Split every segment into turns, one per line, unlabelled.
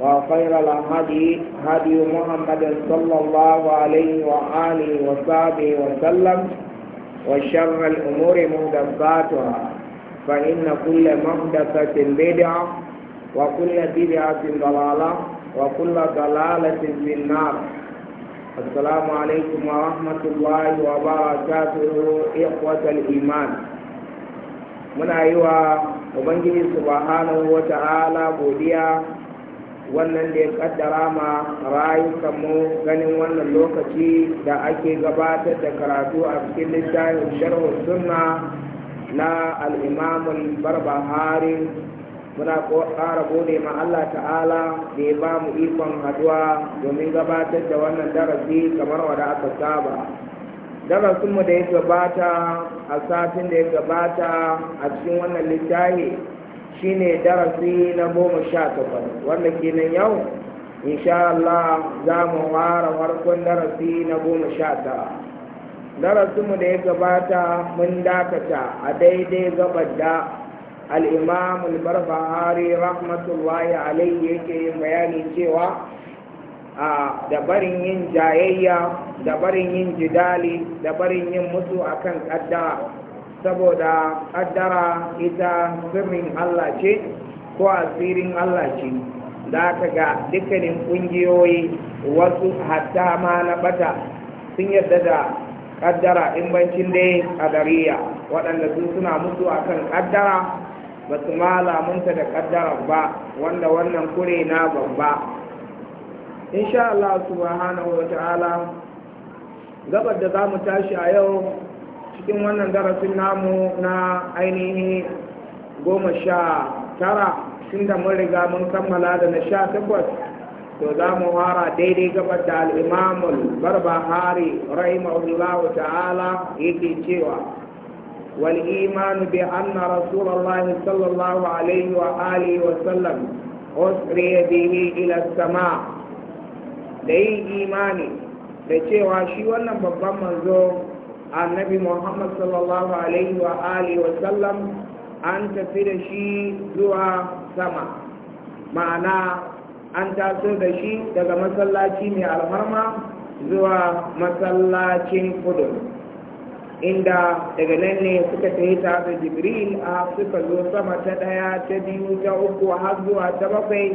وخير الهدي هدي محمد صلى الله عليه وآله وصحبه وسلم وشر الأمور مهدفاتها فإن كل مهدفة بدعة وكل بدعة ضلالة وكل ضلالة في النار السلام عليكم ورحمة الله وبركاته إخوة الإيمان من أيها وبنجي سبحانه وتعالى بوديا wannan da ya kaddara ma rayukanmu ganin wannan lokaci da ake gabatar da karatu a cikin littafin sharhu sunna na al'imamun barbahari muna ƙara gode ma Allah ta'ala da ya ba mu ikon haduwa domin gabatar da wannan darasi kamar wanda aka saba darasinmu da ya gabata a satin da ya gabata a cikin wannan littafi Shi ne darasi na goma sha takwas wanda kenan yau insha Allah za mu fara farkon darasi na goma sha tara darasinmu da ya gabata mun dakata a daidai gabar da al'imam al-barbahari rahmatullahi alayhi yake yin bayani cewa a dabarin yin jayayya da barin yin jidali da barin yin mutu akan kan saboda ƙaddara ita sirrin Allah ce ko asirin Allah ce da aka ga dukkanin ƙungiyoyi wasu hatta ma na bata sun yarda da ƙaddara in bancin dai ƙadariya waɗanda sun suna mutu a kan ƙaddara ba su ma lamunta da ƙaddara ba wanda wannan kure na babba insha Allah subhanahu wa ta'ala gabar da za mu tashi a yau cikin wannan darasin namu na ainihi goma sha tara tunda mun riga mun kammala da na sha takwas to za mu fara daidai gabar da al'imamul barbahari rahimahullahu ta'ala yake cewa والإيمان بأن bi الله صلى الله عليه wa وسلم wa به إلى السماء لأي sama da yin imani da cewa shi wannan babban manzo annabi muhammad sallallahu alaihi wa alihi wa sallam an tafi da shi zuwa sama ma'ana an taso da shi daga masallaci mai alfarma zuwa masallacin kudu inda daga nan ne suka tafi tare da jibril a suka zo sama ta ɗaya ta biyu ta uku har zuwa ta bakwai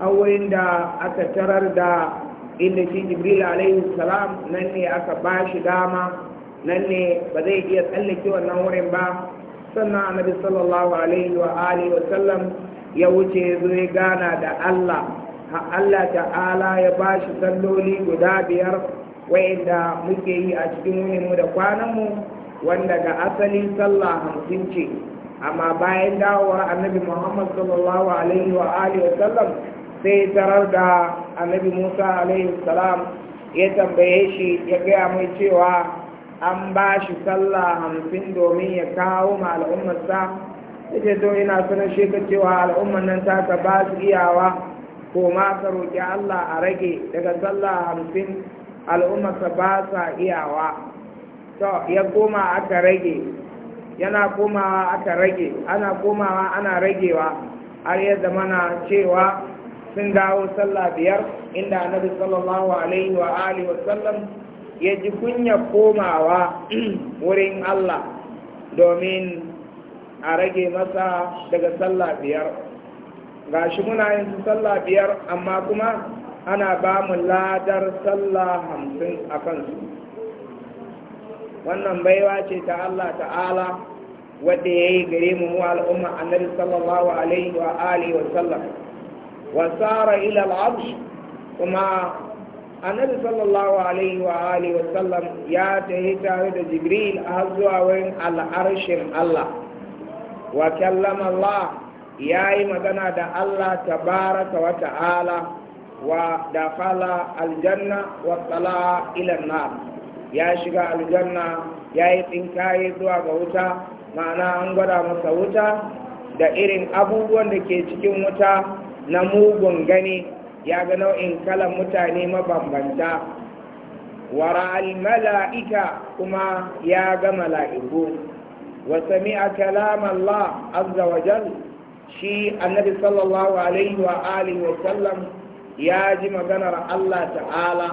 a wurin da aka tarar da inda shi jibril alaihi salam nan ne aka ba shi dama nan ne ba zai iya tsallake wannan wurin ba sannan annabi sallallahu alaihi wa alihi wa sallam ya wuce zai gana da Allah ha Allah ta'ala ya bashi salloli guda biyar wayanda muke yi a cikin wurin mu da kwanan mu wanda ga asali sallah hamsin ce amma bayan dawowar annabi muhammad sallallahu alaihi wa alihi wa sallam sai tarar da annabi musa alaihi salam ya tambaye shi ya gaya mai cewa an ba shi sallah hamsin domin ya kawo ma al'ummarsa ce to ina sanar shi ka cewa al'ummar nan ta ka ba su iyawa ko ma ka roƙi Allah a rage daga sallah hamsin al'ummarsa ba sa iyawa to ya koma aka rage yana komawa aka rage ana komawa ana ragewa har ya na cewa sun dawo sallah biyar inda annabi sallallahu alaihi wa alihi wa sallam ya ji kunya komawa wurin Allah domin a rage masa daga sallah biyar ga shi muna yin su sallah biyar amma kuma ana ba mu ladar sallah hamsin a kansu wannan baiwa ce ta Allah ta'ala wadda ya yi gare mu mu al'umma annabi sallallahu alaihi wa alihi wa sallam wa sara ila al'arsh kuma annabi sallallahu alaihi wa alihi wa sallam ya yi tare da jibril a zuwa wurin al'arshin Allah wa kallam Allah ya yi magana da Allah tabaraka wa ta'ala wa fala aljanna wa tsala ila ya shiga aljanna ya yi tsinkaye zuwa ga wuta ma'ana an gwada masa wuta da irin abubuwan da ke cikin wuta na mugun gani ya ga nau'in kalan mutane mabambanta wara mala'ika kuma ya ga mala'iku wa sami'a kalam Allah azza wa jal shi annabi sallallahu alaihi wa alihi wa sallam ya ji maganar Allah ta'ala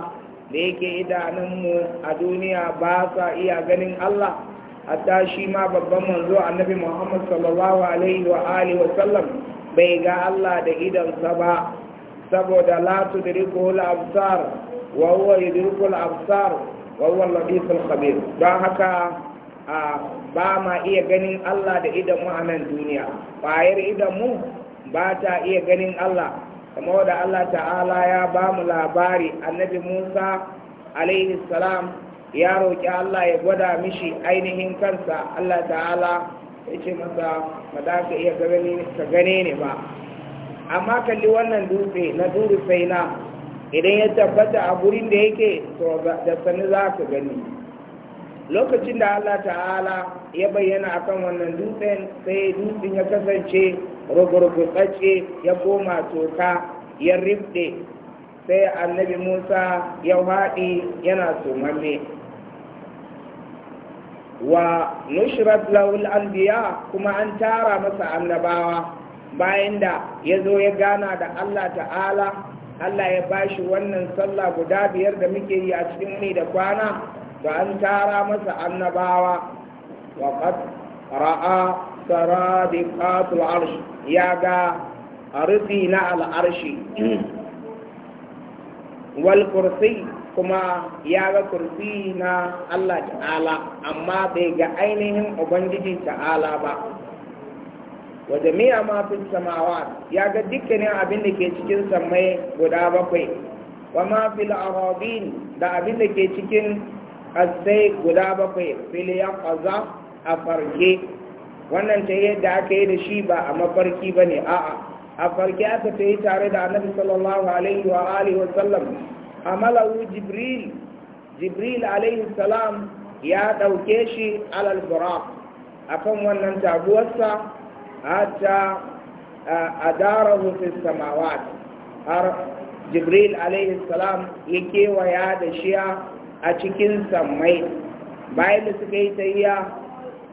da yake idanunmu a duniya ba sa iya ganin Allah hatta shi ma babban manzo annabi Muhammad sallallahu alaihi wa alihi wa sallam bai ga Allah da idansa ba saboda la tudriku al-absar wa huwa yudriku al-absar wa huwa don haka ba ma iya ganin Allah da idan mu a nan duniya bayar idan mu ba ta iya ganin Allah kamar da Allah ta'ala ya ba mu labari annabi Musa alaihi salam ya roƙi Allah ya gwada mishi ainihin kansa Allah ta'ala ya ce masa ba za ka iya ka gane ni ba amma kalli wannan dutse na duru sai na idan ya tabbata a gurin da yake to da sani za ka gani lokacin da Allah ta'ala ya bayyana akan wannan dutsen sai dutsen ya kasance rugurgutsacce ya koma toka ya rifde sai annabi musa ya haɗi yana sumamme wa nushrat lahul anbiya kuma an tara masa annabawa bayan da ya zo ya gana da Allah ta'ala Allah ya bashi wannan sallah guda biyar da muke yi a cikin wuni da kwana da an tara masa annabawa wa qad ra'a saradiqatul arsh ya ga arzi na al'arshi wal kursi kuma ya ga kursi na Allah ta'ala amma bai ga ainihin ubangiji ta'ala ba wa jami'a ma fi samawa ya ga dukkanin abin da ke cikin samai guda bakwai wa ma fil aradin da abin da ke cikin asai guda bakwai fil yaqaza a farke wannan ta yadda aka yi da shi ba a mafarki ba ne? a'a a farke aka ta yi tare da annabi sallallahu alaihi wa alihi wa sallam amalahu jibril jibril alaihi salam ya dauke shi alal buraq akan wannan taguwarsa hatta adarahu fi samawat har jibril alaihi salam ya kewaya da shiya a cikin sammai bayan da suka yi tayya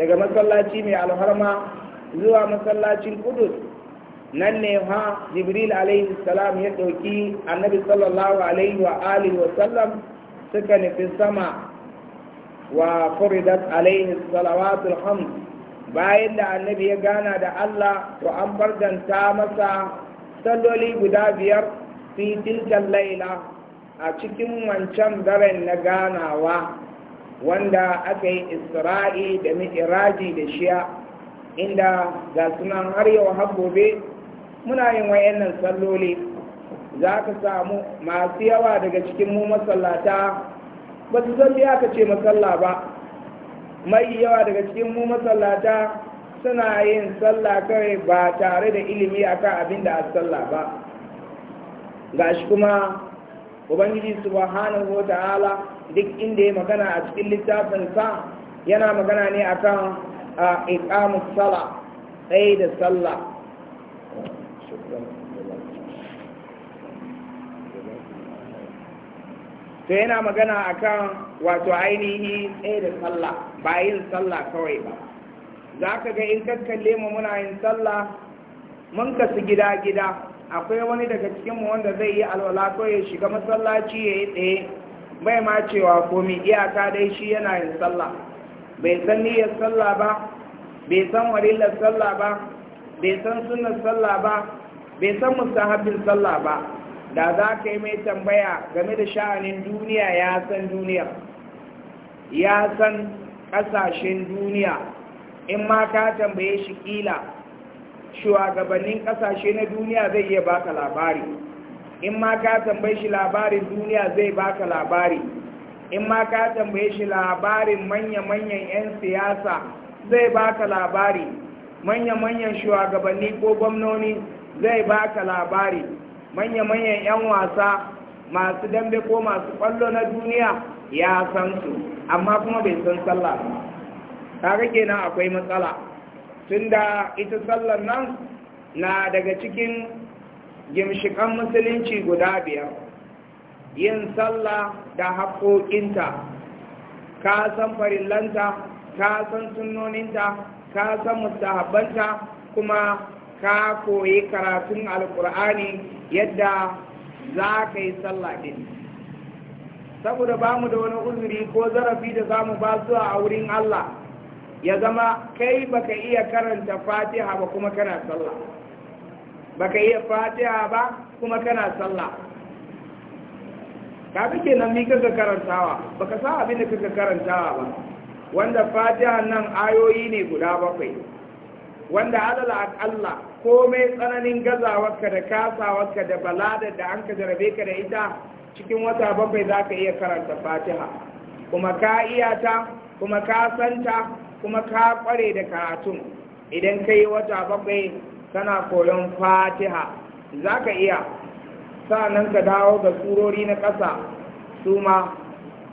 daga masallaci mai alharma zuwa masallacin kudus nan ne ha jibril alaihi salam ya ɗauki annabi sallallahu alaihi wa alihi wa sallam suka nufi sama wa furidat alaihi salawatul hamd bayan da annabi ya gana da Allah to an fardanta masa salloli guda biyar fi tilkan laila a cikin wancan daren na ganawa wanda aka yi isra'i da mi'iraji da shiya inda ga sunan har yau har muna yin wayannan salloli za ka samu masu yawa daga cikin mu masallata ba su san ka ce masalla ba mai yawa daga cikin mu masallata suna yin sallah kawai ba tare da ilimi akan abin da a sallah ba gashi kuma ubangiji subhanahu wa ta'ala duk inda ya magana a cikin littafin sa yana magana ne akan iqamus sala tsaye da sallah to yana magana akan wato ainihi tsaye da sallah ba yin sallah kawai ba za ka ga in kakkalle mu muna yin sallah mun kasu gida-gida akwai wani daga cikinmu wanda zai yi alwala ko ya shiga masallaci ya yi tsaye bai ma cewa komi iyaka dai shi yana yin sallah bai san niyyar sallah ba bai san warillar sallah ba bai san sunnar sallah ba bai san mustahabbin sallah ba da za ka yi mai tambaya game da sha'anin duniya ya san duniya ya san ƙasashen duniya in ma ka tambaye shi ƙila shugabannin ƙasashe na duniya zai iya baka labari in ma ka tambaye shi labarin duniya zai baka labari in ma ka tambaye shi labarin manya-manyan 'yan siyasa zai baka labari manya-manyan shugabanni ko gwamnoni zai baka labari manya-manyan 'yan wasa masu dambe ko masu kwallo na duniya ya san su amma kuma bai san sallah ba kaga kenan akwai matsala tunda ita sallar nan na daga cikin gimshikan musulunci guda biyar yin sallah da haƙoƙinta ka san farillanta ka san sunnoninta ka san mustahabbanta kuma ka koyi karatun Alƙur'ani yadda za ka yi sallah ɗin saboda ba mu da wani uzuri ko zarafi da za mu ba su a wurin Allah ya zama kai baka iya karanta fatiha ba kuma kana sallah baka iya fatiha ba kuma kana sallah ka ke nan mi ka karantawa baka sa abin da kaka karantawa ba wanda fatiha nan ayoyi ne guda bakwai wanda a Allah komai tsananin gazawarka da kasawarka da balada da an ka jarabe ka da ita cikin wata bakwai za ka iya karanta fatiha kuma ka iya kuma ka santa kuma ka kware da karatun idan ka yi wata bakwai kana koyon fatiha za ka iya nan ka dawo ga surori na ƙasa su ma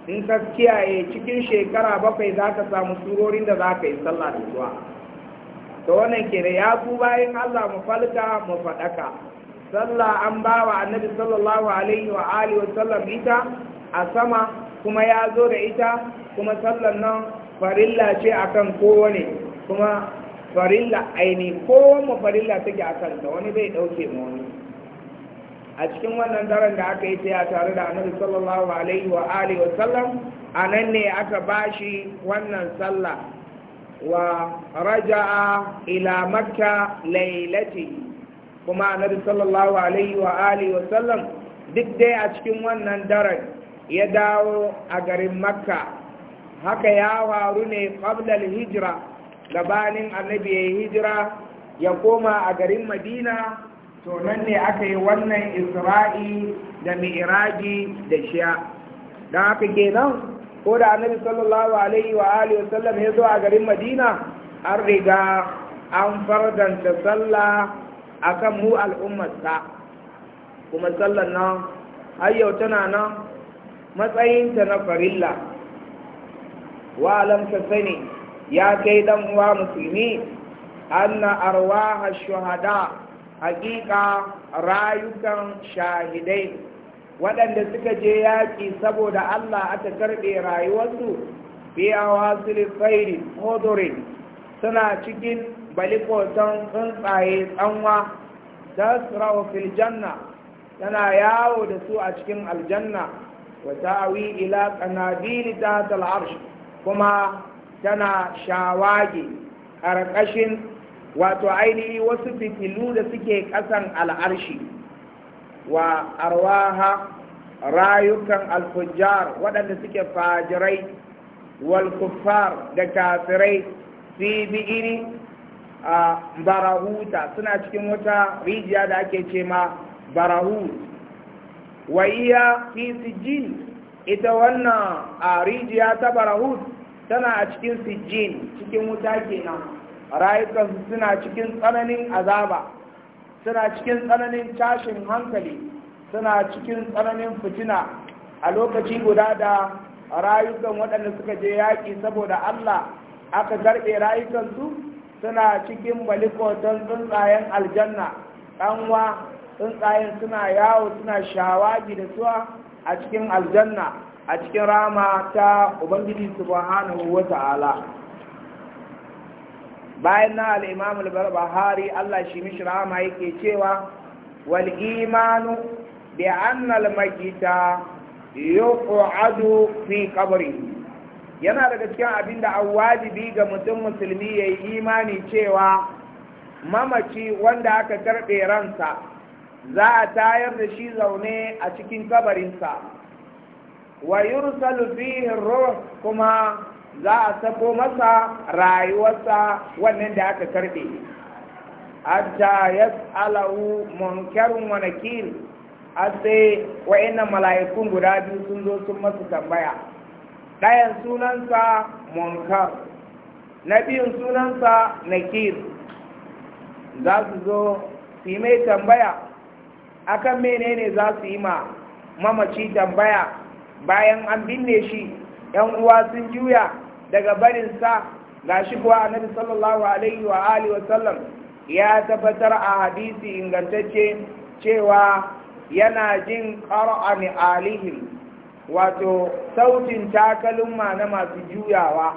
in ka kiyaye cikin shekara bakwai za ka samu surorin da za ka yi sallah da zuwa ta wannan ke da ya ku bayan allah mu falta mu faɗaka sallah an ba wa annabi sallallahu alaihi wa alihi wasallam ita a sama kuma ya zo da ita kuma sallan nan farilla ce akan kowane kuma farilla aini mu farilla take a kanta wani bai dauke ma wani a cikin wannan daren da aka yi ta ya tare da annabi sallallahu alaihi wa alihi wasallam a nan ne aka bashi wannan sallah wa raja'a ila makka lailatihi kuma annabi sallallahu alaihi wa alihi wa sallam duk dai a cikin wannan daren ya dawo a garin makka haka ya faru ne qablal hijira gabanin annabi ya hijira ya koma a garin madina to nan ne aka yi wannan isra'i da mi'raji da shiya don haka kenan ko da annabi sallallahu alaihi wa alihi wa sallam ya zo a garin madina an riga an fardanta sallah a kan mu al'ummarsa kuma sallan nan har yau tana nan matsayinta na farilla wa alamta sani ya kai dan uwa musulmi anna arwaha shuhada hakika rayukan shahidai waɗanda suka je yaƙi saboda Allah aka karɓe rayuwarsu biya wasu lifairi hodorin suna cikin bali tsuntsaye tsanwa tasrahu fil janna tana yawo da su a cikin aljanna wa ta'awi ila qanabil tahta al kuma tana shawage karkashin wato ainihi wasu fitilu da suke kasan al'arshi wa arwaha rayukan alfujjar waɗanda suke fajirai wal kuffar da kafirai fi bi'iri a barahuta suna cikin wata rijiya da ake ce ma barahut wa iya fi ita wannan a rijiya ta barahut tana a cikin sijin cikin wuta kenan rayukansu suna cikin tsananin azaba suna cikin tsananin tashin hankali suna cikin tsananin fitina a lokaci guda da rayukan waɗanda suka je yaƙi saboda Allah aka garɓe rayukansu suna cikin don tsuntsayen aljanna ɗanwa tsuntsayen suna yawo suna shawagi da suwa a cikin aljanna a cikin rama ta ubangiji subhanahu wa ta'ala bayan na al'imam al bahari allah shi mishi rama yake cewa wal imanu bi annal magita yuqadu fi qabrihi yana daga cikin abin da an wajibi ga mutum musulmi ya yi imani cewa mamaci wanda aka karɓe ransa za a tayar da shi zaune a cikin kabarinsa wa yursalu fihi ruh kuma za a sako masa rayuwarsa wannan da aka karɓe hatta yas'alahu munkarun wa nakir sai wa'annan mala'ikun guda biyu sun zo sun masu tambaya ɗayan sunansa munkar na biyun sunansa nakir za su zo su yi mai tambaya akan menene za su yi ma mamaci tambaya bayan an binne shi yan uwa sun juya daga barinsa ga shi kuwa annabi sallallahu alaihi wa alihi wa ya tabbatar a hadisi ingantacce cewa yana jin ƙar'ani alihim wato sautin takalma na masu juyawa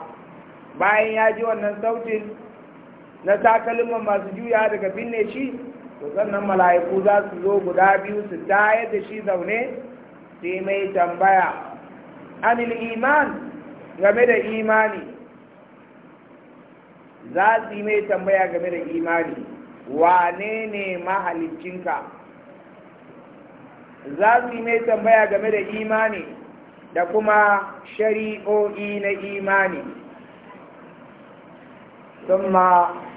bayan ya ji wannan sautin na takalma masu juyawa daga binne shi to sannan mala'iku za su zo guda biyu su tayar da shi zaune sai mai tambaya anil iman game da imani za su yi mai tambaya game da imani wane ne mahalicinka za su yi mai tambaya game da imani da kuma shari'o'i na imani su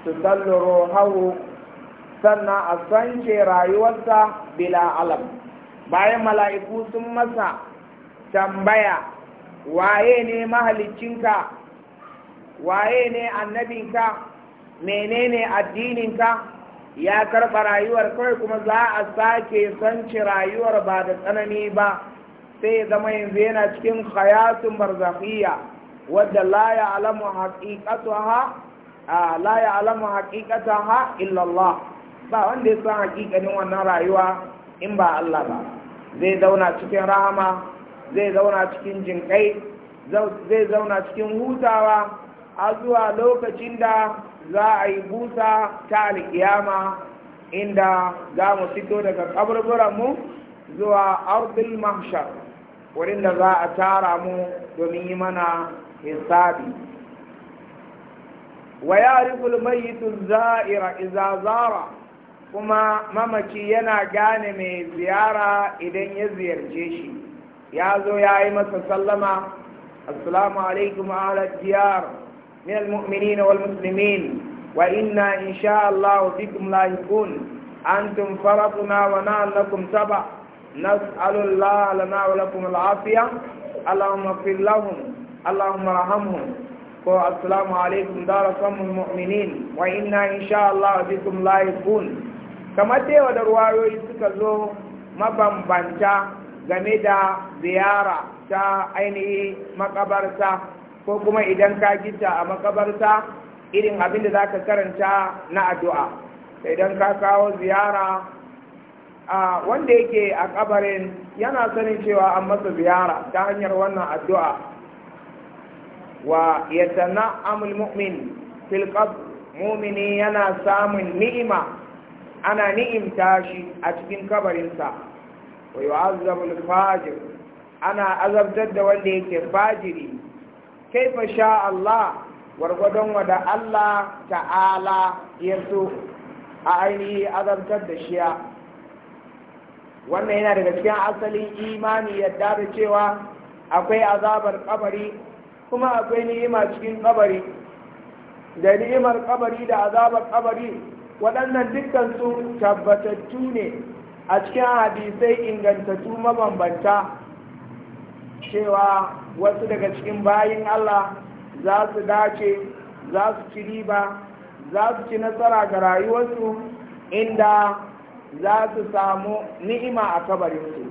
tusalluru hawu sannan a sanke rayuwarsa bila alam bayan mala'iku sun masa tambaya waye ne mahalicinka waye ne annabinka menene addininka ya karɓa rayuwar kawai kuma za a sake sanci rayuwar ba da tsanani ba sai ya zama yanzu yana cikin hayatun barzakhiyya wadda la ya'lamu haqiqataha la alamu haƙiƙatu ha illallah ba wanda ya san haƙiƙanin wannan rayuwa in ba Allah ba zai zauna cikin rahama zai zauna cikin jinƙai zai zauna cikin hutawa a zuwa lokacin da za a yi busa ta alƙiyama inda za mu fito daga kaburburanmu zuwa ardil mahshar wurin da za a tara mu domin yi mana hisabi wa ya al-mayyitu zaira idza zara kuma mamaci yana gane mai ziyara idan ya ziyarce shi ya zo ya yi masa sallama assalamu alaikum ala diyar min al-mu'minin wal muslimin wa inna insha Allah bikum lahiqun antum faratuna wa nahnu taba' نسأل الله لنا ولكم العافية اللهم اغفر لهم اللهم ارحمهم السلام عليكم دار صم المؤمنين وإنا إن شاء الله بكم لاحقون kamar da yawa da ruwayoyi suka zo mabambanta game da ziyara ta ainihi makabarta ko kuma idan ka gita a makabarta irin abin da za ka karanta na addu'a idan ka kawo ziyara wanda yake a kabarin yana sanin cewa an masa ziyara ta hanyar wannan addu'a wa amul mu'min fil qabr mu'mini yana samun ni'ima ana ni'imta shi a cikin kabarinsa wa yu'azzabul fajir ana azabtar da wanda yake fajiri kaifa sha Allah wargwadon wada Allah ta'ala ya so a ainihi azabtar da shiya wannan yana daga cikin asalin imani yadda da cewa akwai azabar kabari kuma akwai ni'ima cikin kabari da ni'imar kabari da azabar kabari waɗannan dukkan su tabbatattu ne a cikin hadisai ingantattu mabambanta cewa wasu daga cikin bayin Allah za su dace za su ci riba za su ci nasara ga rayuwarsu inda za su samu ni'ima a kabarinsu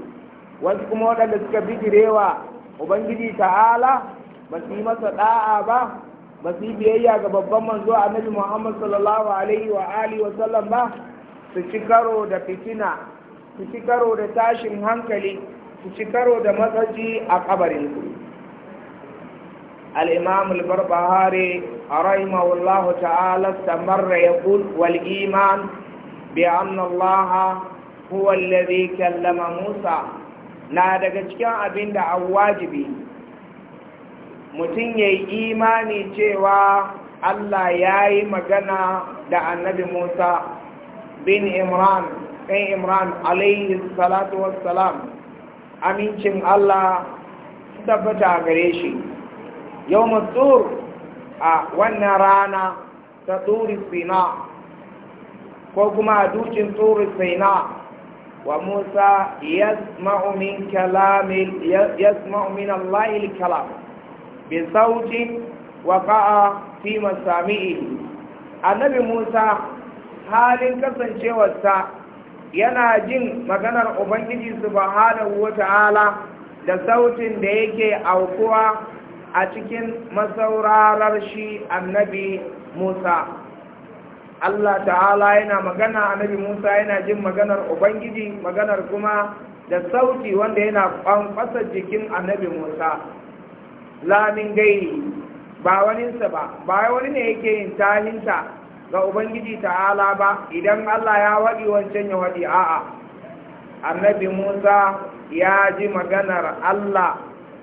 wasu kuma waɗanda suka bijirewa ubangiji ta'ala ba su yi masa da'a ba ba su yi biyayya ga babban manzo annabi muhammad sallallahu alaihi wa alihi wa sallam ba su ci karo da fitina su ci karo da tashin hankali su ci karo da matsaji a kabarinsu الإمام البربهاري رحمه الله تعالى استمر يقول والإيمان بأن الله هو الذي كلم موسى na daga cikin abin da an wajibi mutum ya yi imani cewa Allah ya yi magana da annabi Musa bin Imran ɗan Imran alaihi salatu amincin Allah tabbata gare shi yau mutur a wannan rana ta turi sina ko kuma a dukin turu saina wa musa ya min kalamil min kalam bi sautin waqa'a fi masami'i annabi musa halin kasancewarsa yana jin maganar ubangiji su Uwa wata'ala da sautin da yake aukuwa a cikin masaurarar shi annabi musa Allah ta'ala yana magana annabi Musa yana jin maganar Ubangiji maganar kuma da sauti wanda yana kwankwasa jikin annabi Musa lamin gairi ba waninsa ba ba wani ne yake yin tahinta ga Ubangiji ta'ala ba idan Allah ya waɗi wancan ya waɗi a'a annabi Musa ya ji maganar Allah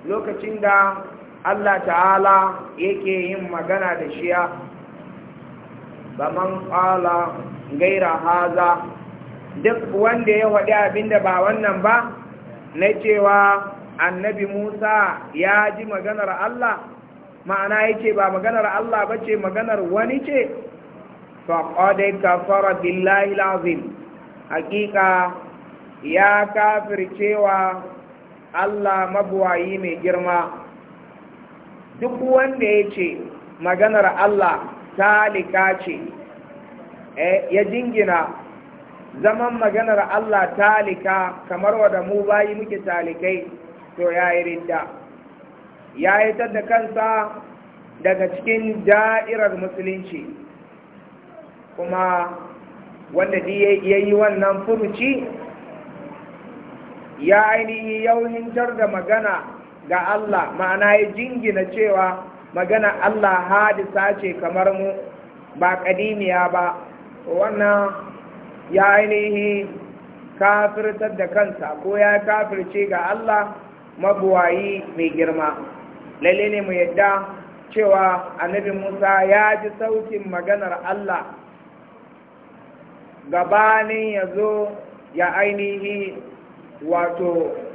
lokacin da Allah ta'ala yake yin magana da shiya man qala gaira haza duk wanda ya wadi abinda ba wannan ba na cewa annabi Musa ya ji maganar Allah ma'ana yake ba maganar Allah ba ce maganar wani ce faƙaɗe kafara billahi lazim hakika ya kafir cewa Allah mabuwayi mai girma duk wanda ya ce maganar Allah talika ce eh, ya jingina zaman maganar Allah talika kamar wa da mu bayi muke talikai to ya yi ridda ya yi da kansa daga cikin da'irar musulunci kuma wanda ya yi wannan furuci ya ainihi yauhintar da magana ga Allah ma'ana ya jingina cewa magana Allah hadisa ce kamar mu ba ƙadimiya ba wannan ya ainihi kafirtar da kansa ko ya kafirce ga Allah mabuwayi mai girma lalle ne mu yadda cewa annabi Musa ya ji saukin maganar Allah gabanin ya zo ya ainihi wato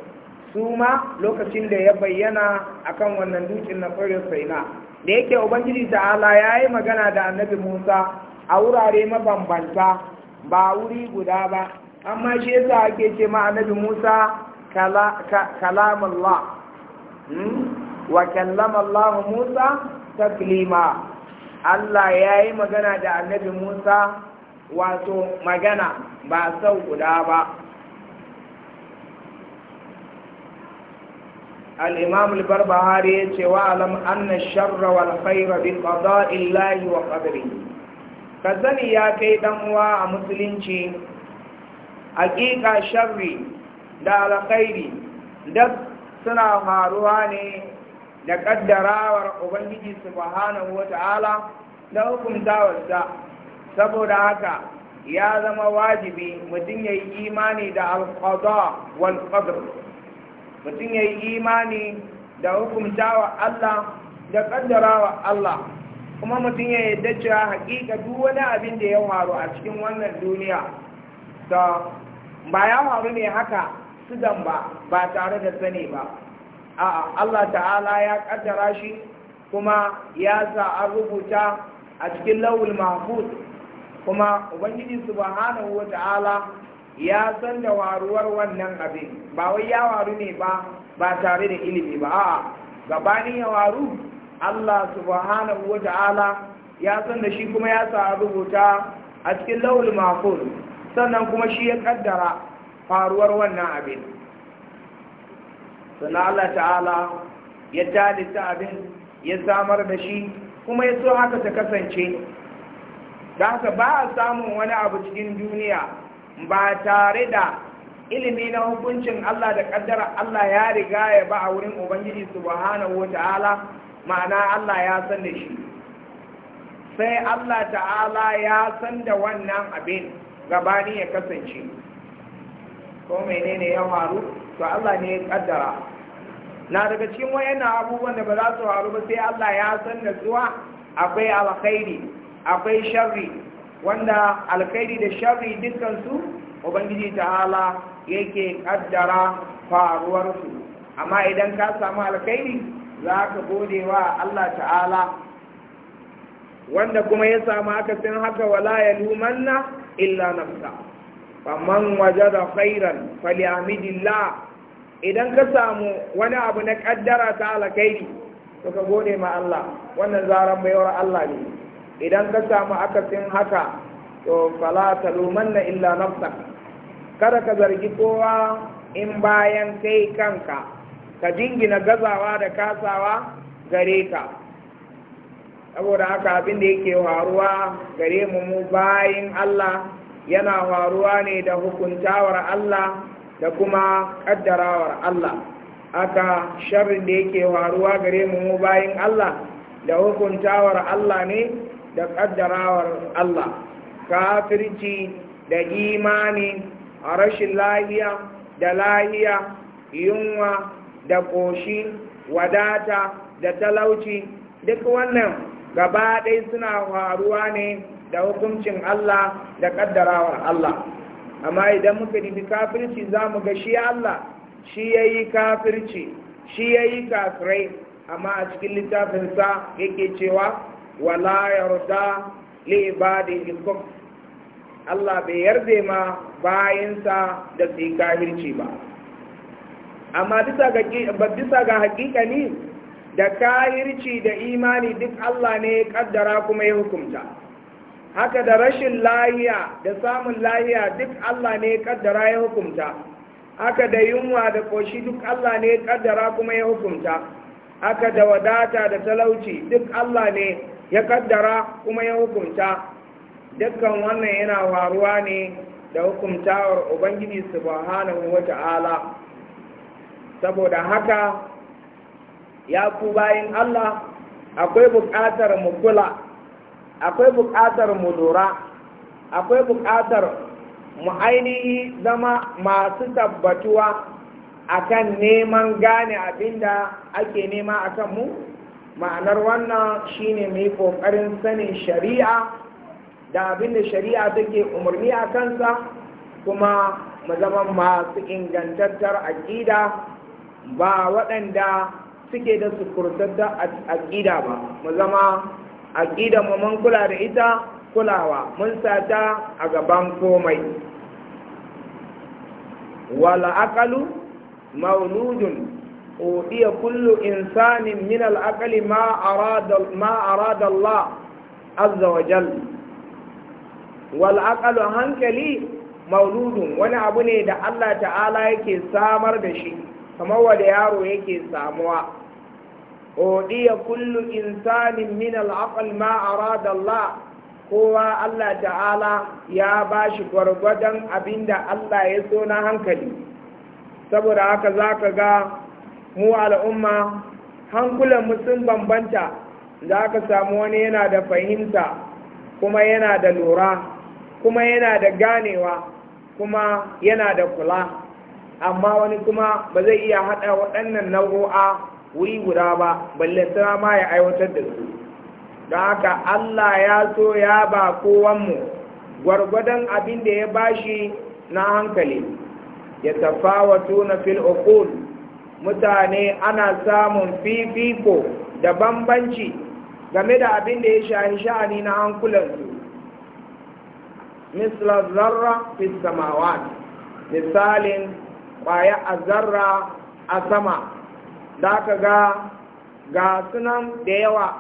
su ma lokacin da ya bayyana akan wannan dutsen na kwarin saina da yake ubangiji ta'ala ya yi magana da annabi musa a wurare mabambanta ba wuri guda ba amma shi yasa ake ce ma annabi musa kalamullah hmm? wa kallamallahu musa taklima allah ya yi magana da annabi musa wato magana ba sau guda ba الإمام البربهاري واعلم أن الشر والخير بقضاء الله وقدره كذني يا كي دموا مسلمشي حقيقة شر دا على خيري دب سنا هارواني da kaddarawar Ubangiji subhanahu wa ta'ala da hukuntawarsa, saboda haka ya zama wajibi mutum ya yi imani da alƙada wal mutum ya yi imani da wa Allah da wa Allah kuma mutum ya yadda cewa haƙiƙa duk wani abin da ya faru a cikin wannan duniya da ba ya faru ne haka sudan ba ba tare da sani ba a'a Allah ta'ala ya kaddara shi kuma ya sa an rubuta a cikin lawul mahfuz kuma ubangiji subhanahu ta'ala. ya san da waruwar wannan abin ba wai ya waru ne ba ba tare da ilimi ba a'a gabanin ya waru Allah subhanahu wa ta'ala ya san da shi kuma ya sa rubuta a cikin lawul mahfuz sannan kuma shi ya kaddara faruwar wannan abin sannan Allah ta'ala ya talita abin ya samar da shi kuma ya so haka ta kasance da haka ba a samun wani abu cikin duniya ba tare da ilimi na hukuncin Allah da ƙaddara Allah ya riga ya ba a wurin Ubangiji subhanahu wata'ala ma'ana Allah ya san da shi sai Allah ta'ala ya san da wannan abin gabani ya kasance ko menene ya faru to Allah ne ya kaddara na daga cikin wayannan abubuwan da ba za su faru ba sai Allah ya san da zuwa akwai alkhairi akwai sharri wanda alkhairi da sharri dukkansu ubangiji ta'ala yake kaddara faruwarsu amma idan ka samu alkhairi za ka gode wa Allah ta'ala wanda kuma ya samu aka sun haka wala ya lumanna illa nafsa faman wajada khairan falyamidillah idan ka samu wani abu na kaddara ta alkhairi to ka gode ma Allah wannan zaran baiwar Allah ne idan ka samu akasin haka to fala talumanna illa nafsa kada ka zargi kowa in bayan kai kanka ka dingina gazawa da kasawa gare ka saboda haka abin da yake faruwa gare mu mu bayin Allah yana faruwa ne da hukuntawar Allah da kuma kaddarawar Allah aka sharrin da yake faruwa gare mu mu bayin Allah da hukuntawar Allah ne da ƙaddarawar Allah kafirci da imani a rashin lahiya da lahiya yunwa da ƙoshi wadata da talauci duk wannan gaba ɗaya suna faruwa ne da hukuncin Allah da ƙaddarawar Allah amma idan muka dubi kafirci za mu ga shi Allah shi ya yi kafirci shi ya yi kafirai amma a cikin littafinsa yake cewa wala yarda li ibadihi kufr Allah bai yarda ma bayansa da su yi kahirci ba amma bisa ga ni? da kahirci da imani duk Allah ne ya kaddara kuma ya hukumta haka da rashin lahiya da samun lahiya duk Allah ne ya kaddara ya hukumta haka da yunwa da koshi duk Allah ne ya kaddara kuma ya hukumta haka da wadata da talauci duk Allah ne ya kaddara kuma ya hukunta dukkan wannan yana waruwa ne da hukuntawar ubangiji subhanahu wa ta'ala saboda haka ya ku bayin Allah akwai bukatar mu kula akwai bukatar mu lura akwai buƙatar mu ainihi zama masu tabbatuwa akan neman gane abinda ake nema akan mu ma'anar wannan shine mai ƙoƙarin sanin shari'a da abin da shari'a take umarni a kansa kuma mu zama masu ingantattar aƙida ba waɗanda suke da kurtattar aƙida ba mu zama aƙida mu mun kula da ita kulawa mun sata a gaban komai wala aqalu mauludun أوتي كل إنسان من العقل ما أراد ما أراد الله عز وجل والعقل هنكلي مولود وانا أبني دا الله تعالى يكي سامر دشي كما هو ديارو يكي ساموا أوتي كل إنسان من العقل ما أراد الله هو الله تعالى يا ba shi gwargwadon abin da Allah ya so na saboda haka za ga mu al'umma hankulan mu sun bambanta za ka samu wani yana da fahimta kuma yana da lura kuma yana da ganewa kuma yana da kula amma wani kuma ba zai iya haɗa waɗannan nau'o'a wuri guda ba balle tana ma ya aiwatar da su don haka allah ya so ya ba kowanmu gwargwadon abin da ya bashi na hankali ya tafawa na fil mutane ana samun fifiko da bambanci game da abin da ya shahi sha'ani na hankulansu misla zarra fi misalin kwaya a zarra a sama da ka ga ga sunan da yawa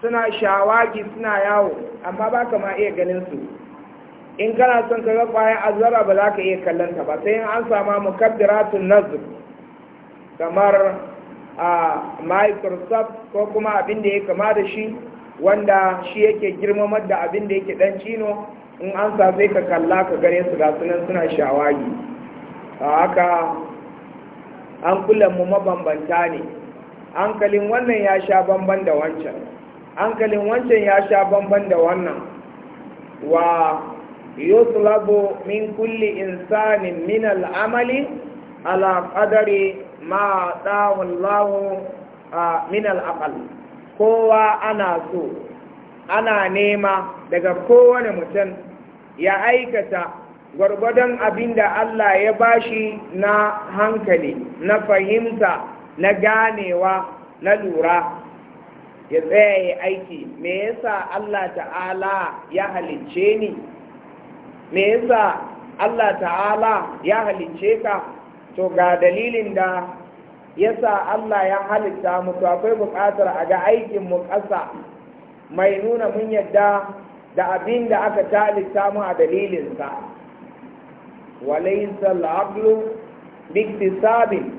suna shawagi suna yawo amma ba kama iya ganin su in kana son ka ga kwaya a zarra ba za ka iya kallon ba sai an sama mukaddiratun nazr kamar a microsoft ko kuma abin da ya kama da shi wanda shi yake girmamar da abin da yake dan cino in an sa zai ka kalla ka gare su ga sunan suna shawagi a haka an mu mabambanta ne hankalin wannan ya sha bamban da wancan hankalin wancan ya sha bamban da wannan wa yuslabu min kulli insanin min al'amali ala qadari ma tsawon lahu a minal aqal kowa ana so ana nema daga kowane mutum ya aikata gwargwadon abin da Allah ya bashi na hankali na fahimta na ganewa na lura ya tsaya aiki me yasa Allah ta'ala ya halicce ni me yasa Allah ta'ala ya halicce ka to ga dalilin da ya sa Allah ya halitta mu to akwai buƙatar a ga aikin mu ƙasa mai nuna mun yadda da abin da aka talita mu a dalilinsa walaysa al biktisabin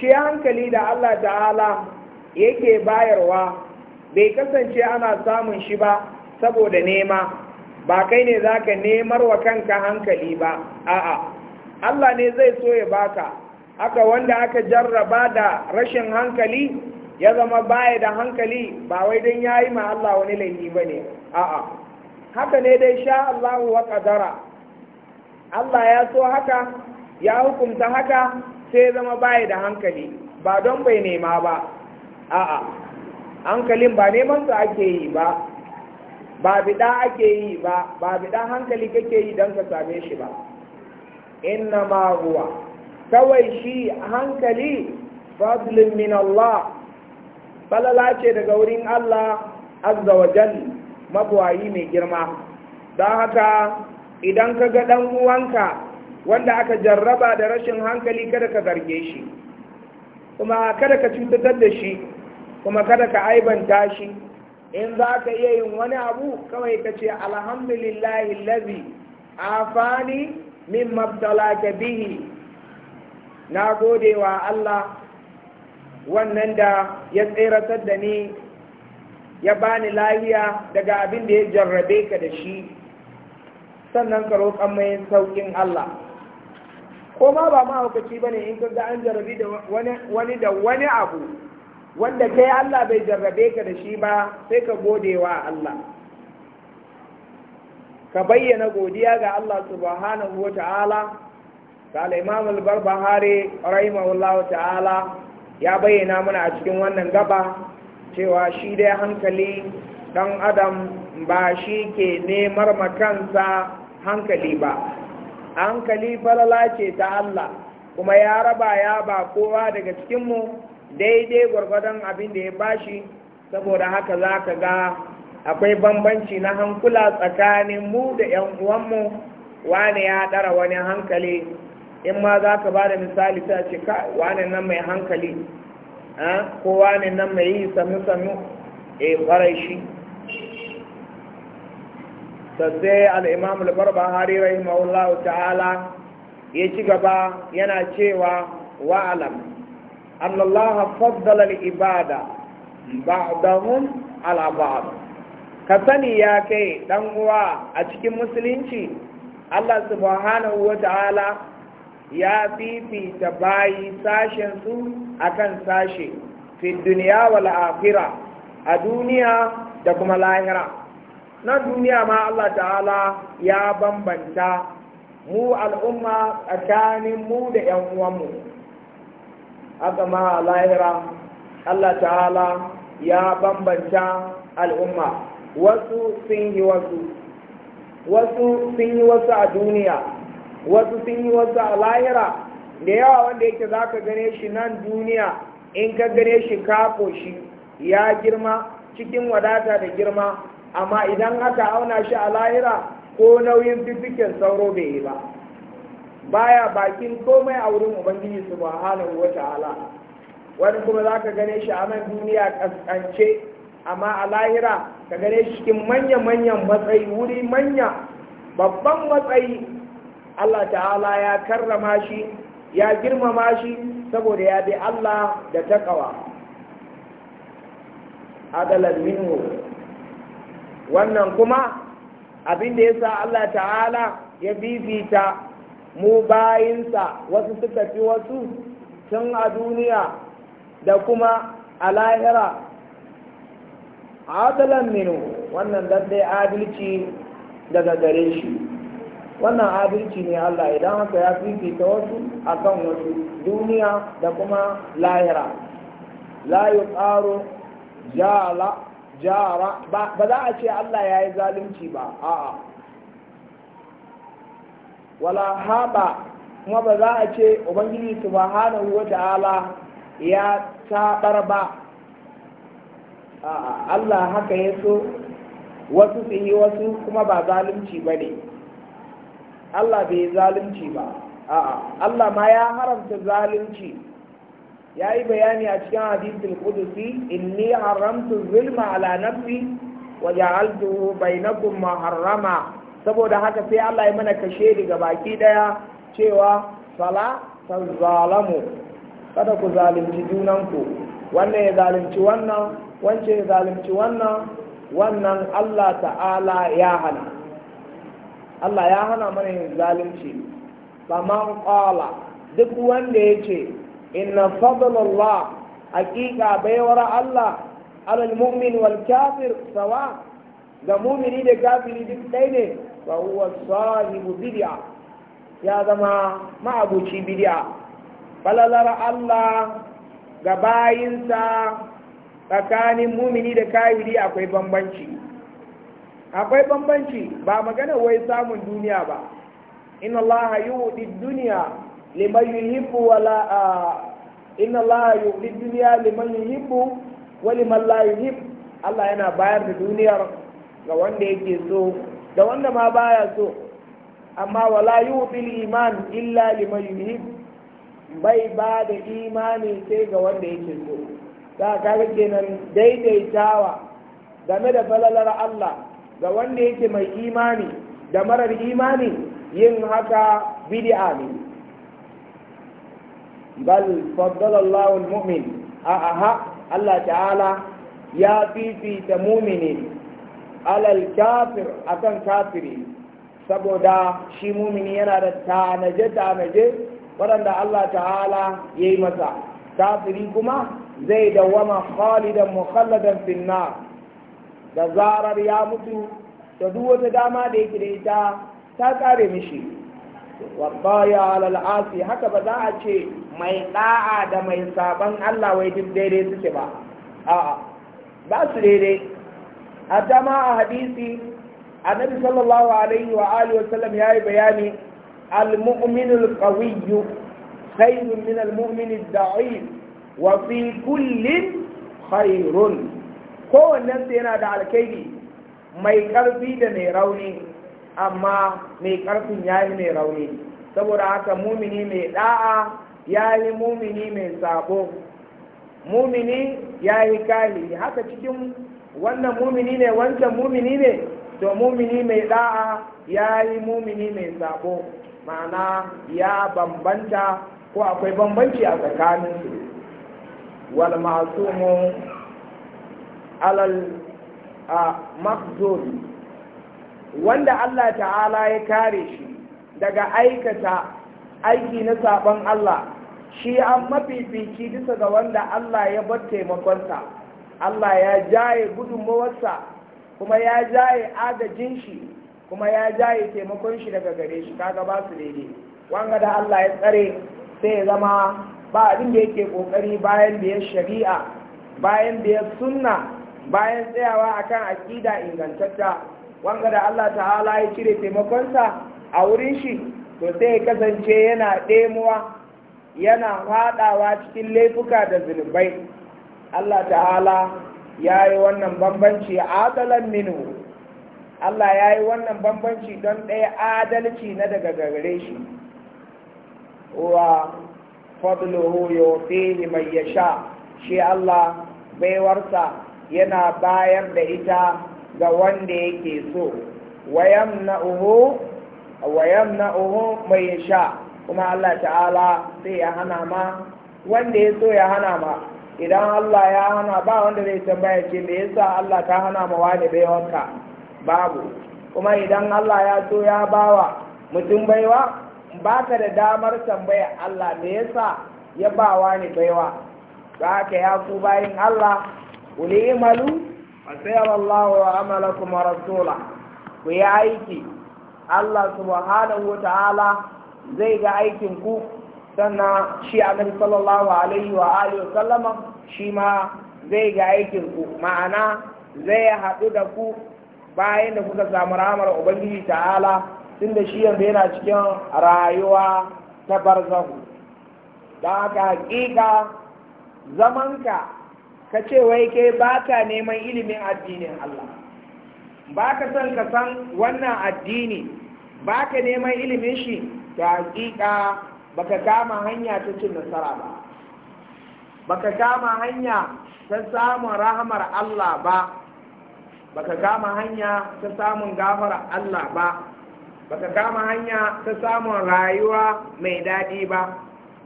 shi hankali da Allah ta'ala yake bayarwa bai kasance ana samun shi ba saboda nema ba kai ne zaka nemar wa kanka hankali ba a'a Allah ne zai so ya baka aka wanda aka jarraba da rashin hankali ya zama baya da hankali ba wai don ya yi ma Allah wani laifi ba ne a'a haka ne dai sha Allahu wa Allah ya so haka ya hukumta haka sai zama baya da hankali ba don bai nema ba a'a hankalin ba neman sa ake yi ba ba bida ake yi ba ba bida hankali kake yi don ka same shi ba ma huwa kawai shi hankali fadlin min Allah falala ce daga wurin Allah azza wa jal mabuwayi mai girma don haka idan ka ga dan uwanka wanda aka jarraba da rashin hankali kada ka zarge shi kuma kada ka cutar da shi kuma kada ka aibanta shi in za ka iya yin wani abu kawai ka ce alhamdulillahi lazi afani min mabtalaka bihi na gode wa Allah wannan da ya tseratar da ni ya bani lahiya daga abin da ya jarrabe ka da shi sannan ka roƙon mai sauƙin Allah ko ma ba mahaukaci ba ne in ka ga an jarrabe da wani da wani abu wanda kai Allah bai jarrabe ka da shi ba sai ka gode wa Allah ka bayyana godiya ga Allah subhanahu wa ta'ala ta al-imam al-barbahari rahimahullahu ta'ala ya bayyana mana a cikin wannan gaba cewa shi dai hankali ɗan adam ba shi ke nemar makansa hankali ba hankali falala ce ta Allah kuma ya raba ya ba kowa daga cikinmu daidai gwargwadon abin da ya bashi saboda haka za ka ga akwai bambanci na hankula tsakanin mu da 'yan uwanmu wane ya ɗara wani hankali in ma za ka ba da misali ta ce wane nan mai hankali ko wane nan mai yi sanu-sanu? e eh, ƙwarai shi sassai al'imam albarba hari rahimahullahu ta'ala ya ci gaba yana cewa wa'alam annallaha faddala ibada ba'dahum ala ba'd ka sani ya kai dan uwa a cikin musulunci Allah subhanahu Ta'ala ya fifita bayi sashen su kan sashe fi duniya wal a duniya da kuma lahira na duniya ma Allah ta'ala ya bambanta mu al'umma tsakanin mu da 'yan uwanmu haka ma lahira Allah ta'ala ya bambanta al'umma wasu sun yi wasu wasu sun yi wasu a duniya wasu sun yi wasu a lahira da yawa wanda yake za ka gane shi nan duniya in ka gane shi kafo shi ya girma cikin wadata da girma amma idan aka auna shi a lahira ko nauyin fifikin sauro bai yi ba baya bakin komai a wurin ubangiji subhanahu wa ta'ala wani kuma za ka gane shi a nan duniya kaskance amma a lahira ka gane shi cikin manya-manyan matsayi wuri manya babban matsayi Allah ta'ala ya karrama shi ya girmama shi saboda ya bi Allah da takawa adalar minhu wannan kuma abin da ya sa Allah ta'ala ya bibita mu bayinsa wasu suka fi wasu tun a duniya da kuma a lahira adalan minu wannan dai adalci daga gare shi wannan adalci ne Allah idan haka ya fifita wasu akan wasu duniya da kuma lahira la yuqaru jala jara ba za a ce Allah ya yi zalunci ba a'a wala haba kuma ba za a ce ubangiji subhanahu wa ta'ala ya tabar ba Allah haka ya so wasu su yi wasu kuma ba zalunci ba ne Allah bai zalunci ba a'a Allah ma ya haramta zalunci ya yi bayani a cikin hadisul qudusi inni haramtu zulma ala nafsi wa ja'altuhu bainakum muharrama saboda haka sai Allah ya mana kashe daga baki daya cewa ta zalamu kada ku zalunci junanku wannan ya zalunci wannan wance ya zalunci wannan wannan Allah ta'ala ya hana Allah ya hana mana yin zalunci faman Kwala, duk wanda ya ce inna fadlallah haƙiƙa baiwar Allah alal mu'min wal kafir sawa ga mumini da kafiri duk ɗaya ne fa huwa sahibu bid'a ya zama ma'abuci bid'a falalar Allah ga bayinsa tsakanin mumini da kayuri akwai bambanci akwai bambanci ba magana wai samun duniya ba inna Allah yuhdi dunya liman yuhibbu wala inna Allah yuhdi dunya liman yuhibbu wa liman la yuhibbu Allah yana bayar da duniyar ga wanda yake so da wanda ma baya so amma wala yuhdi iman illa liman yuhibbu bai ba da imani sai ga wanda yake so ta kare kenan daidaitawa game da falalar Allah ga wanda yake mai imani da marar imani yin haka bid'a ne bal faddala Allah mumin a aha Allah ta'ala ya fifita mumini alal kafir akan kafiri saboda shi mumini yana da tanaje-tanaje waɗanda Allah ta'ala ya yi masa kafiri kuma zai dawama khalidan mukhalladan finna da zarar ya mutu da duk wata dama da yake da ita ta kare mishi ya alal haka ba za a ce mai da'a da mai saban Allah wai duk daidai suke ba a'a ba su daidai A ma a hadisi annabi sallallahu alaihi wa alihi wa yayi bayani al mu'minul qawiyyu khairun min al mu'minid da'if wa fi kullin khairun kowannen yana da alkaidi mai ƙarfi da mai rauni amma mai karfin yayi mai rauni saboda haka mumini mai da'a yayi mumini mai sabo mumini yayi kahi haka cikin wannan mumini ne wancan mumini ne to mumini mai da'a yayi mumini mai sabo ma'ana ya bambanta ko akwai bambanci a tsakaninsu wal ma'sumu alal maqdum wanda Allah ta'ala ya kare shi daga aikata aiki na saban Allah shi an mafifici bisa ga wanda Allah ya bar taimakonsa Allah ya jaye gudunmawarsa kuma ya jaye agajin shi kuma ya jaye taimakon shi daga gare shi kaga ba su daidai wanga da Allah ya tsare sai ya zama ba abin da yake kokari bayan da ya shari'a bayan da ya sunna bayan tsayawa akan akida ingantacca wanga da Allah ta'ala ya cire taimakonsa a wurin shi to sai ya kasance yana ɗemuwa yana faɗawa cikin laifuka da zunubai Allah ta'ala ya yi wannan bambanci adalan minu Allah ya yi wannan bambanci don ɗaya adalci na daga gare shi wa fadluhu yu'tihi man yasha shi Allah baiwarsa yana bayar da ita ga wanda yake so wa yamna'uhu man yasha kuma Allah ta'ala sai ya hana ma wanda ya so ya hana ma idan Allah ya hana ba wanda zai tambaya ce me yasa Allah ta hana ma wani baiwarka babu kuma idan Allah ya so ya bawa mutum baiwa ka da damar tambaya Allah me yasa ya ba ni baiwa ba ka ya ku bayin Allah kuli imalu fasayar Allah wa amalakum wa rasula ku yi aiki Allah subhanahu wa ta'ala zai ga aikin ku sannan shi annabi sallallahu alaihi wa alihi wa sallama shi ma zai ga aikin ku ma'ana zai haɗu da ku bayan da kuka samu ramar ubangiji ta'ala tun da shi yanzu yana cikin rayuwa ta barzahu da haka hakika zamanka ka ce wai ke ba ka neman ilimin addinin Allah ba ka son ka san wannan addini ba ka neman ilimin shi da hakika ka kama hanya ta cin nasara ba Ba ka kama hanya ta samun rahamar Allah ba Ba ka kama hanya ta samun gafara Allah ba baka kama hanya ta samun rayuwa mai daɗi ba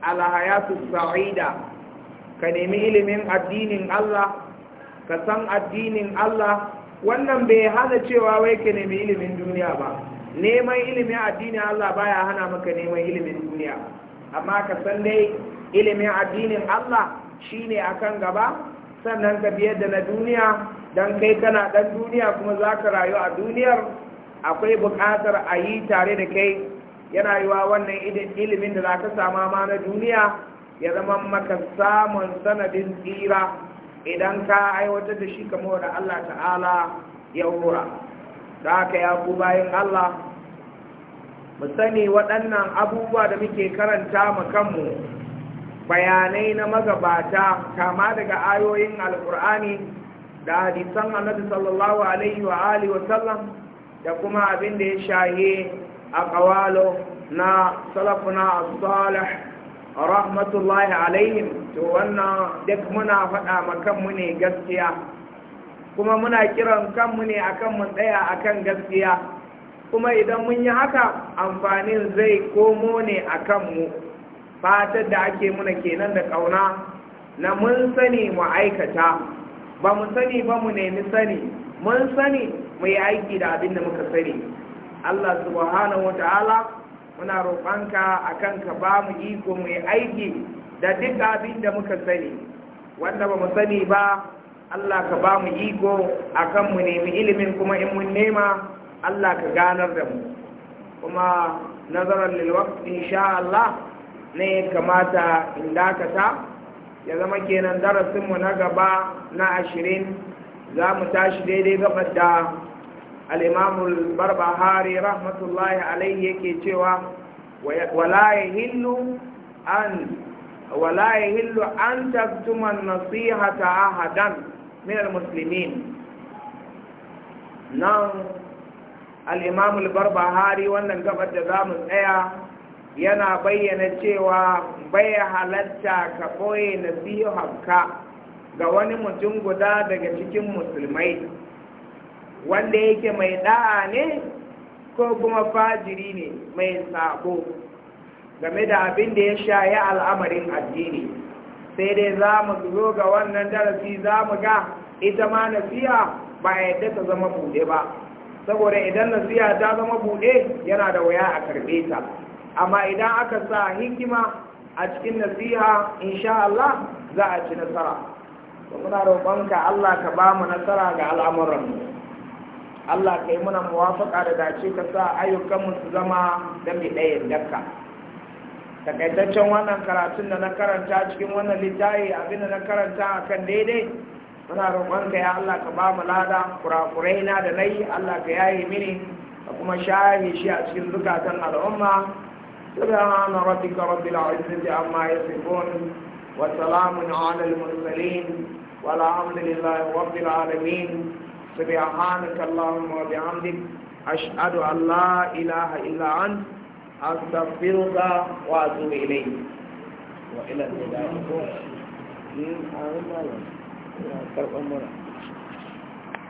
alhayatu sa'ida ka nemi ilimin addinin Allah ka san addinin Allah wannan bai hana cewa wai ka nemi ilimin duniya ba neman ilimin addinin Allah baya hana maka neman ilimin duniya amma ka san dai ilimin addinin Allah shine akan gaba sannan ka biyar da na duniya don kai kana dan duniya kuma za ka rayu a duniyar akwai buƙatar a yi tare da kai yana yiwa wannan ilimin da za ka sama ma na duniya ya zama maka samun sanadin tsira idan ka aiwatar da shi kamar da Allah ta'ala ya hura da haka ya ku bayan Allah mu sani waɗannan abubuwa da muke karanta mu kanmu bayanai na magabata kama daga ayoyin alkur'ani da hadisan annabi sallallahu alaihi wa alihi wa sallam da kuma abin da ya shaye a kawalo na salafuna salih rahmatullahi alaihim to wannan duk muna faɗa ma kanmu ne gaskiya kuma muna kiran kanmu ne akan mu tsaya akan gaskiya kuma idan mun yi haka amfanin zai komo ne a kanmu fatar da ake muna kenan da ƙauna na mun sani mu aikata ba mu sani ba mu nemi sani mun sani muyi aiki da abin da muka sani Allah subhanahu wa ta'ala muna roƙonka kan ka ba mu iko muyi aiki da duk abin da muka sani wanda ba mu sani ba Allah ka ba mu iko kan mu nemi ilimin kuma in mun nema Allah ka ganar da mu kuma nazarar lilwaqt insha Allah ne kamata in dakata ya zama kenan darasinmu na gaba na ashirin za mu tashi daidai gabar da al'imamul barbahari rahmatullahi alaihi yake cewa wala hillu an wala hillu an nasihata ahadan min al-muslimin nan al'imamul barbahari wannan gabar da zamu tsaya yana bayyana cewa bai halatta ka ɓoye nasiharka ga wani mutum guda daga cikin musulmai wanda yake mai da'a ne ko kuma fajiri ne mai sabo game da abin da ya sha ya al'amarin addini sai dai za mu zo ga wannan darasi za mu ga ita ma nasiya ba yadda ta zama buɗe ba saboda idan nasiya ta zama buɗe yana da waya a karɓe ta amma idan aka sa hikima a cikin nasiha insha Allah za a ci nasara muna roƙonka Allah ka ba mu nasara ga al'amuranmu Allah ka yi muna muwafaka da dace ka sa ayyukanmu su zama da mai ɗaya takaitaccen wannan karatun da na karanta cikin wannan littafi abinda na karanta a kan daidai muna ka ya Allah ka ba mu lada kurakurai na da nayi Allah ka yaye mini ka kuma shaye shi a cikin zukatan al'umma سبحان ربك رب العزة عما يصفون وسلام على المرسلين والحمد لله رب العالمين سبحانك اللهم وبحمدك أشهد أن لا إله إلا أنت أستغفرك وأتوب إليك وإلى اللقاء